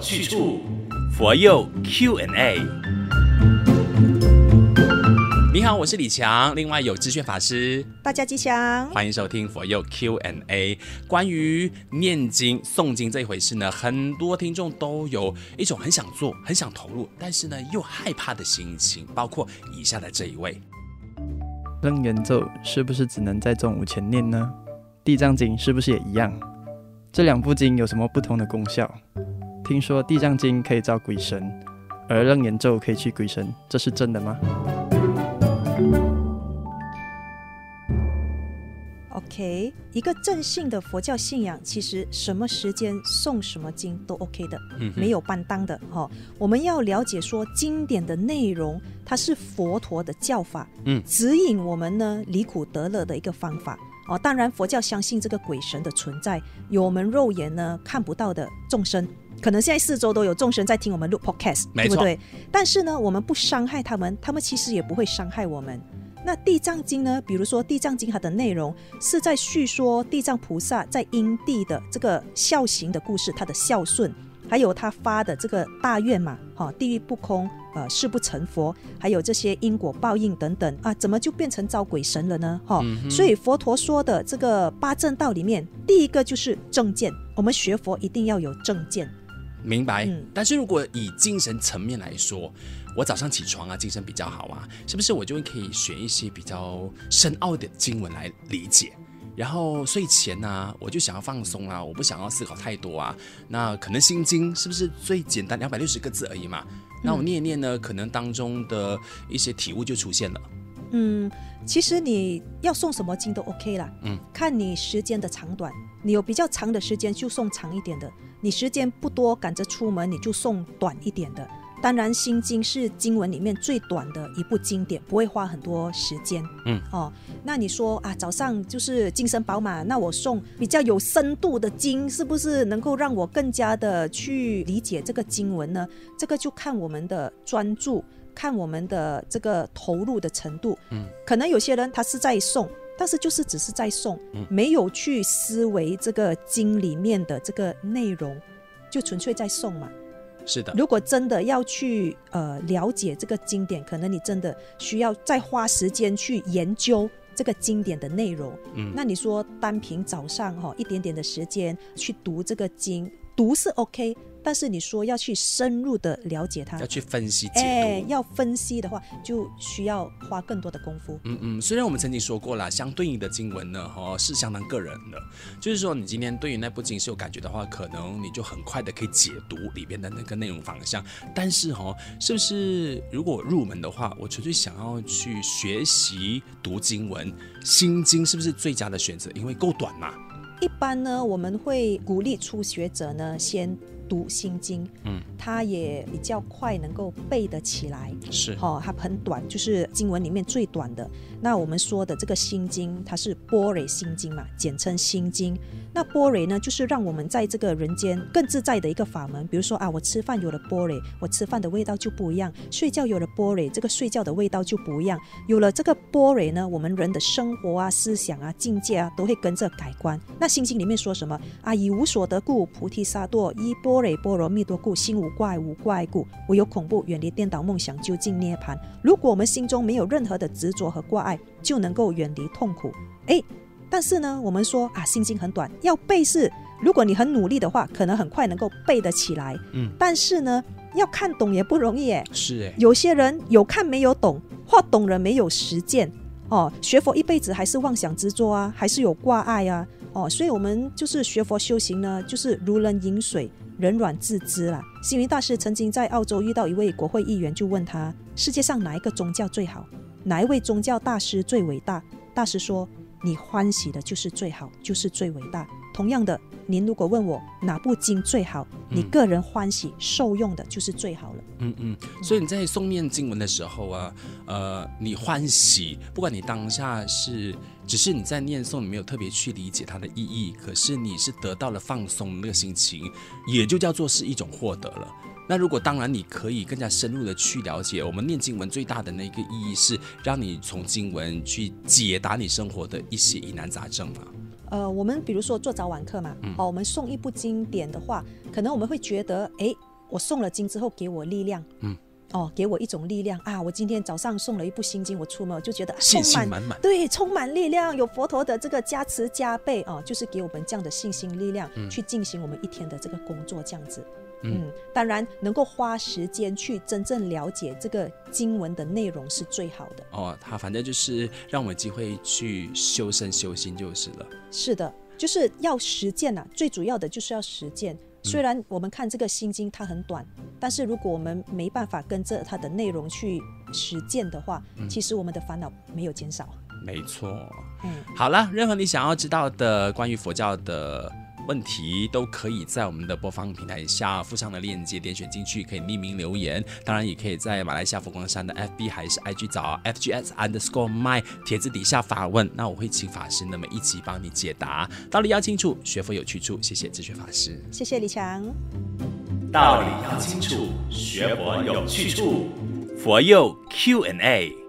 去處佛佑 Q&A。你好，我是理強。另外有知宣法師，大家吉祥，歡迎收聽佛佑 Q&A。關於念經誦經這回事呢，很多聽眾都有一種很想做、很想投入，但是呢又害怕的心情。包括以下的這一位，楞嚴咒是不是只能在中午前念呢？地藏經是不是也一樣？這兩部經有什麼不同的功效？聽說《地藏經》可以招鬼神，而楞嚴咒可以去鬼神，這是真的嗎？OK，一個正信的佛教信仰，其實什麼時間誦什麼經都 OK 的，嗯、哼沒有辦當的哈、哦。我們要了解說經典的內容，它是佛陀的教法，嗯、指引我們呢離苦得樂的一個方法啊、哦。當然，佛教相信這個鬼神的存在，有我們肉眼呢看不到的眾生。可能現在四周都有眾生在聽我們錄 Podcast，沒錯。對不對？但是呢，我們不傷害他們，他們其實也不會傷害我們。那《地藏經》呢？比如說《地藏經》它的內容是在敘說地藏菩薩在因地的這個孝行的故事，他的孝順，還有他發的這個大願嘛，哈，地獄不空，呃，誓不成佛，還有這些因果報應等等啊，怎麼就變成招鬼神了呢？哈、哦，嗯哼。所以佛陀說的這個八正道裡面，第一個就是正見，我們學佛一定要有正見。明白，但是如果以精神層面來說，我早上起床啊，精神比較好啊，是不是我就會可以選一些比較深奧的經文來理解？然後睡前呢、啊，我就想要放鬆啊，我不想要思考太多啊。那可能《心經》是不是最簡單，兩百六十個字而已嘛？那我念一念呢，可能當中的一些體悟就出現了。嗯，其實你要誦什麼經都 OK 啦，嗯，看你時間的長短，你有比較長的時間就誦長一點的。你時間不多，趕着出門，你就送短一點的。當然，《心經》是經文裡面最短的一部經典，不會花很多時間。嗯哦，那你說啊，早上就是精神飽滿，那我送比較有深度的經，是不是能夠讓我更加的去理解這個經文呢？這個就看我們的專注，看我們的這個投入的程度。嗯，可能有些人他是在送。但是就是只是在誦，嗯、沒有去思維這個經裡面的這個內容，就純粹在誦嘛。是的。如果真的要去呃了解這個經典，可能你真的需要再花時間去研究這個經典的內容。嗯。那你說單憑早上哈一點點的時間去讀這個經，讀是 OK。但是你說要去深入的了解它，要去分析，哎，要分析的話就需要花更多的功夫。嗯嗯，雖然我們曾經說過啦，相對應的經文呢，哦，是相當個人的，就是說你今天對於那部經是有感覺的話，可能你就很快的可以解讀裡邊的那個內容方向。但是哈、哦，是不是如果入門的話，我純粹想要去學習讀經文，《心經》是不是最佳的選擇？因為夠短嘛。一般呢，我們會鼓勵初學者呢先。讀心經，嗯，它也比較快，能夠背得起來。是，好、哦，它很短，就是經文裡面最短的。那我們說的這個心經，它是般若心經嘛，簡稱心經。那般若呢，就是讓我們在這個人間更自在的一個法門。比如說啊，我吃飯有了般若，我吃飯的味道就不一樣；睡覺有了般若，這個睡覺的味道就不一樣。有了這個般若呢，我們人的生活啊、思想啊、境界啊，都會跟着改觀。那心經裡面說什麼？啊，以無所得故，菩提薩埵依波般若波羅蜜多故，心無掛礙，無掛礙故，無有恐怖，遠離顛倒夢想，究竟涅槃。如果我們心中沒有任何的執着和掛礙，就能夠遠離痛苦。哎，但是呢，我們說啊，心經很短，要背是，如果你很努力的話，可能很快能夠背得起來。嗯，但是呢，要看懂也不容易誒。哎耶，是有些人有看沒有懂，或懂了沒有實踐。哦，學佛一輩子還是妄想執着啊，還是有掛礙啊。哦，所以我們就是學佛修行呢，就是如人飲水。人軟自知了、啊。星雲大師曾經在澳洲遇到一位國會議員，就問他：世界上哪一個宗教最好？哪一位宗教大師最偉大？大師說：你歡喜的就是最好，就是最偉大。同樣的，您如果問我哪部經最好，嗯、你個人歡喜受用的就是最好了。嗯嗯，所以你在誦念經文的時候啊，呃，你歡喜，不管你當下是只是你在念誦，你沒有特別去理解它的意義，可是你是得到了放鬆的那個心情，也就叫做是一種獲得了。那如果當然你可以更加深入的去了解，我們念經文最大的那個意義是讓你從經文去解答你生活的一些疑難雜症啊。呃，我們比如說做早晚課嘛，嗯、哦，我們送一部經典的話，可能我們會覺得，哎，我送了經之後給我力量，嗯，哦，給我一種力量啊，我今天早上送了一部心經，我出門我就覺得信心滿滿，充滿，對，充滿力量，有佛陀的這個加持加被啊、哦，就是給我們這樣的信心力量、嗯、去進行我們一天的這個工作這樣子。嗯，當然能夠花時間去真正了解這個經文的內容是最好的。哦，他反正就是讓我們有機會去修身修心就是了。是的，就是要實踐吶、啊，最主要的就是要實踐。雖然我們看這個心經它很短，嗯、但是如果我們沒辦法跟着它的內容去實踐的話，嗯、其實我們的煩惱沒有減少。沒錯。哦、嗯，好了，任何你想要知道的關於佛教的問題都可以在我們的播放平台下附上的鏈接點選進去，可以匿名留言。當然也可以在馬來西亞佛光山的 FB 還是 IG 找 FGS Underscore My 帖子底下發問，那我會請法師那麼一起幫你解答。道理要清楚，學佛有去處。謝謝知宣法師，謝謝理強。道理要清楚，學佛有去處。佛佑 Q&A。A.